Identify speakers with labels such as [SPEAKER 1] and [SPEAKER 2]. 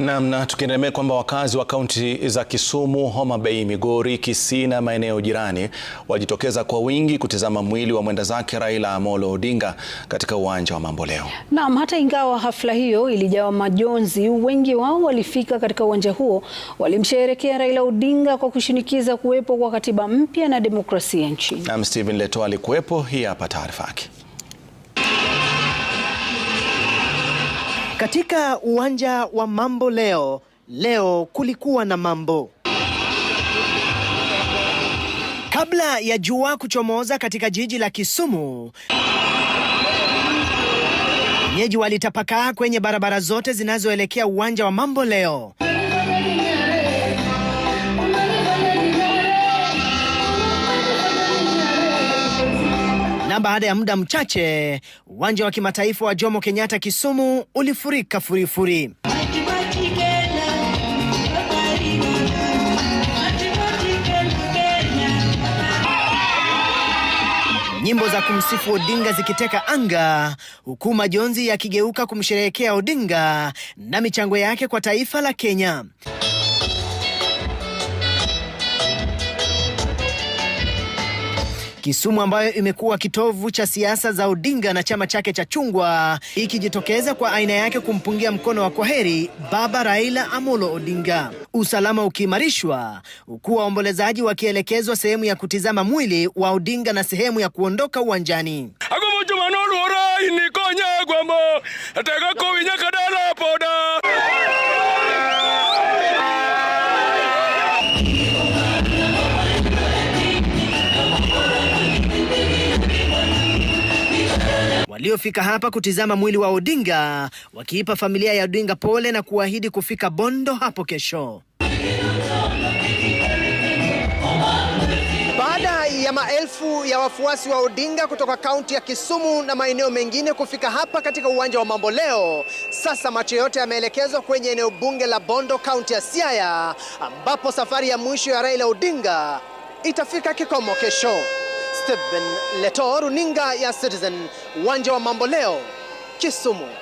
[SPEAKER 1] Naam, na tukiendelea kwamba wakazi wa kaunti za Kisumu, Homa Bay, Migori, Kisii na maeneo jirani wajitokeza kwa wingi kutazama mwili wa mwenda zake Raila Amolo Odinga katika uwanja wa Mamboleo.
[SPEAKER 2] Naam, hata ingawa hafla hiyo ilijawa majonzi, wengi wao walifika katika uwanja huo walimsherehekea Raila Odinga kwa kushinikiza kuwepo kwa katiba mpya na demokrasia nchini.
[SPEAKER 1] Naam, Stephen Leto alikuwepo, hii hapa taarifa yake.
[SPEAKER 3] Katika uwanja wa mambo leo, leo kulikuwa na mambo. Kabla ya jua kuchomoza katika jiji la Kisumu, wenyeji walitapakaa kwenye barabara zote zinazoelekea uwanja wa mambo leo. baada ya muda mchache uwanja wa kimataifa wa Jomo Kenyatta Kisumu ulifurika furifuri. Nyimbo za kumsifu Odinga zikiteka anga, huku majonzi yakigeuka kumsherehekea Odinga na michango yake kwa taifa la Kenya. Kisumu ambayo imekuwa kitovu cha siasa za Odinga na chama chake cha chungwa ikijitokeza kwa aina yake kumpungia mkono wa kwaheri Baba Raila Amolo Odinga, usalama ukiimarishwa, huku waombolezaji wakielekezwa sehemu ya kutizama mwili wa Odinga na sehemu ya kuondoka uwanjani. waliofika hapa kutizama mwili wa Odinga wakiipa familia ya Odinga pole na kuahidi kufika Bondo hapo kesho. Baada ya maelfu ya wafuasi wa Odinga kutoka kaunti ya Kisumu na maeneo mengine kufika hapa katika uwanja wa Mamboleo, sasa macho yote yameelekezwa kwenye eneo bunge la Bondo, kaunti ya Siaya, ambapo safari ya mwisho ya Raila Odinga itafika kikomo kesho. Stephen Leto, runinga ya Citizen, uwanja wa Mambo Leo, Kisumu.